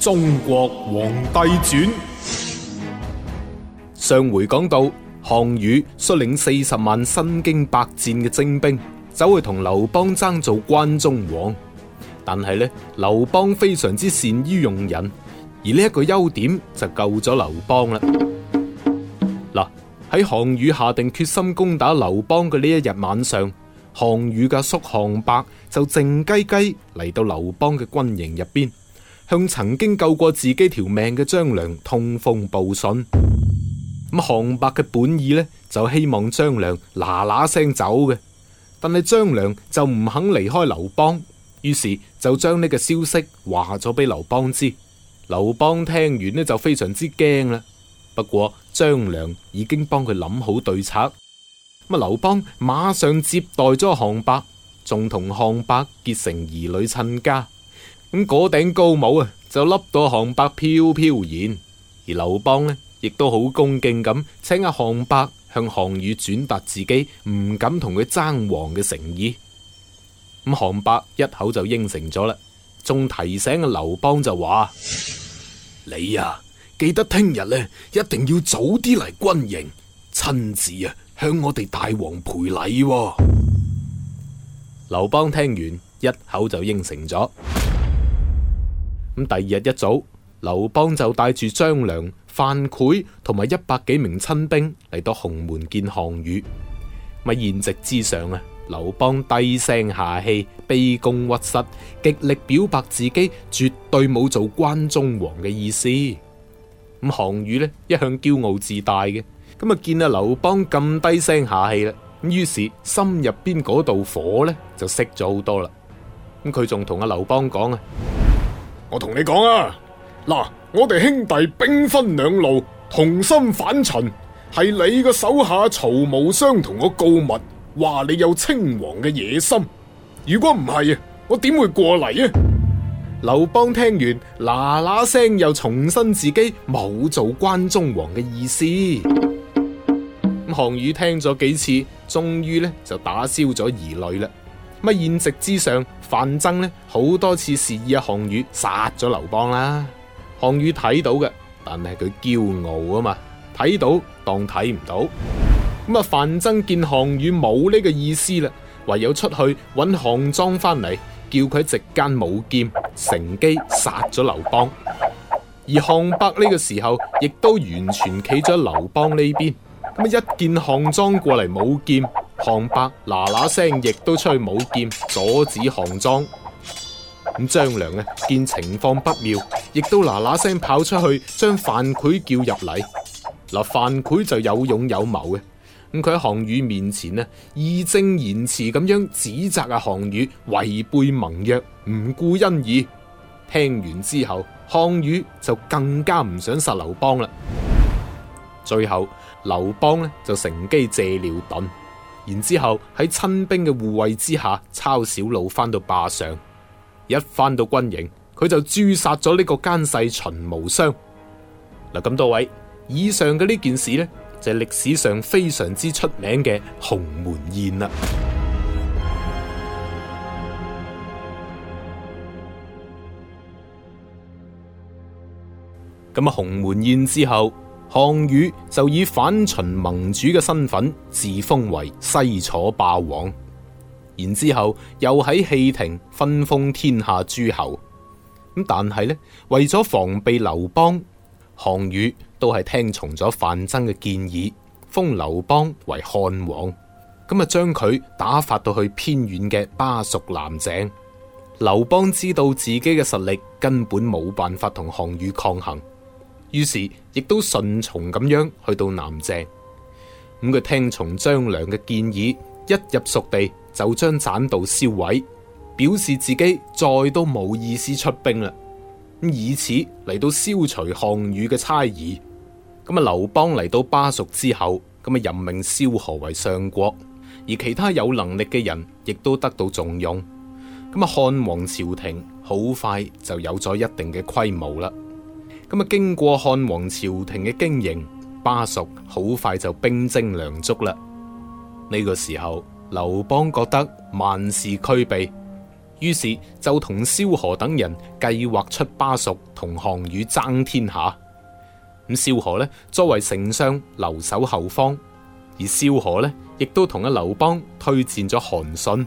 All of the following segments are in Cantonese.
中國皇帝傳，上回講到項羽率領四十萬身經百戰嘅精兵，走去同劉邦爭做關中王。但係呢，劉邦非常之善於用人，而呢一個優點就救咗劉邦啦。嗱、啊，喺項羽下定決心攻打劉邦嘅呢一日晚上，項羽嘅叔項伯就靜雞雞嚟到劉邦嘅軍營入邊，向曾經救過自己條命嘅張良通風報信，咁項伯嘅本意呢，就希望張良嗱嗱聲走嘅，但係張良就唔肯離開劉邦，於是就將呢個消息話咗俾劉邦知。劉邦聽完呢，就非常之驚啦，不過張良已經幫佢諗好對策，咁劉邦馬上接待咗項伯，仲同項伯結成兒女親家。嗰頂高帽啊，就笠到項伯飄飄然，而劉邦呢，亦都好恭敬咁，請阿項伯向項羽轉達自己唔敢同佢爭王嘅誠意。咁、嗯、項伯一口就應承咗啦，仲提醒阿劉邦就話：你啊，記得聽日呢，一定要早啲嚟軍營，親自啊向我哋大王賠禮，哦。劉邦聽完，一口就應承咗。咁第二日一早，劉邦就帶住張良、樊噲同埋一百幾名親兵嚟到鴻門見項羽。喺宴席之上啊，劉邦低聲下氣、卑躬屈膝，極力表白自己絕對冇做關中王嘅意思。咁項羽呢一向驕傲自大嘅，咁啊見阿劉邦咁低聲下氣啦，咁於是心入邊嗰度火呢就熄咗好多啦。咁佢仲同阿劉邦講啊。我同你講啊，嗱，我哋兄弟兵分兩路，同心反秦，係你個手下曹無雙同我告密，話你有稱王嘅野心。如果唔係啊，我點會過嚟啊？劉邦聽完，嗱嗱聲又重申自己冇做關中王嘅意思。咁項羽聽咗幾次，終於呢就打消咗疑慮啦。乜宴席之上，范增咧好多次示意阿項羽殺咗劉邦啦。項羽睇到嘅，但係佢驕傲啊嘛，睇到當睇唔到。咁啊、嗯，范增見項羽冇呢個意思啦，唯有出去揾項莊翻嚟，叫佢直間舞劍，乘機殺咗劉邦。而項伯呢個時候亦都完全企咗劉邦呢邊，咁一見項莊過嚟舞劍。項伯嗱嗱聲，亦都出去舞劍，阻止項莊。咁張良啊，見情況不妙，亦都嗱嗱聲跑出去，將樊噲叫入嚟。嗱，樊噲就有勇有謀嘅，咁佢喺項羽面前呢，義正言辭咁樣指責啊項羽違背盟約，唔顧恩義。聽完之後，項羽就更加唔想殺劉邦啦。最後，劉邦呢就乘機借尿遁。然之後喺親兵嘅護衛之下，抄小路翻到霸上。一翻到軍營，佢就誅殺咗呢個奸細秦無傷。嗱，咁多位，以上嘅呢件事呢，就係歷史上非常之出名嘅鴻門宴啦。咁鴻門宴之後。項羽就以反秦盟主嘅身份自封為西楚霸王，然之後又喺戲亭分封天下諸侯。但係呢，為咗防備劉邦，項羽都係聽從咗范增嘅建議，封劉邦為漢王，咁啊將佢打發到去偏遠嘅巴蜀南鄭。劉邦知道自己嘅實力根本冇辦法同項羽抗衡。於是，亦都順從咁樣去到南鄭。咁佢聽從張良嘅建議，一入蜀地就將棧道銷毀，表示自己再都冇意思出兵啦。以此嚟到消除項羽嘅猜疑。咁啊，劉邦嚟到巴蜀之後，咁啊任命蕭何為相國，而其他有能力嘅人亦都得到重用。咁啊，漢王朝廷好快就有咗一定嘅規模啦。咁啊！經過漢王朝廷嘅經營，巴蜀好快就兵精糧足啦。呢個時候，劉邦覺得萬事俱備，於是就同蕭何等人計劃出巴蜀同項羽爭天下。咁蕭何呢，作為丞相留守後方，而蕭何呢，亦都同啊劉邦推薦咗韓信。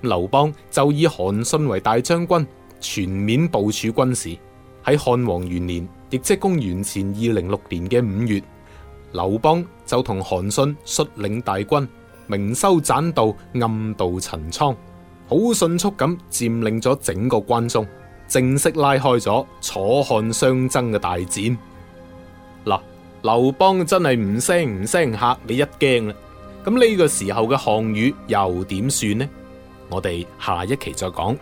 劉邦就以韓信為大將軍，全面部署軍事。喺漢王元年，亦即公元前二零六年嘅五月，劉邦就同韓信率領大軍，明修棧道，暗度陳倉，好迅速咁佔領咗整個關中，正式拉開咗楚漢相爭嘅大戰。嗱，劉邦真係唔聲唔聲吓你一驚啦！咁呢個時候嘅項羽又點算呢？我哋下一期再講。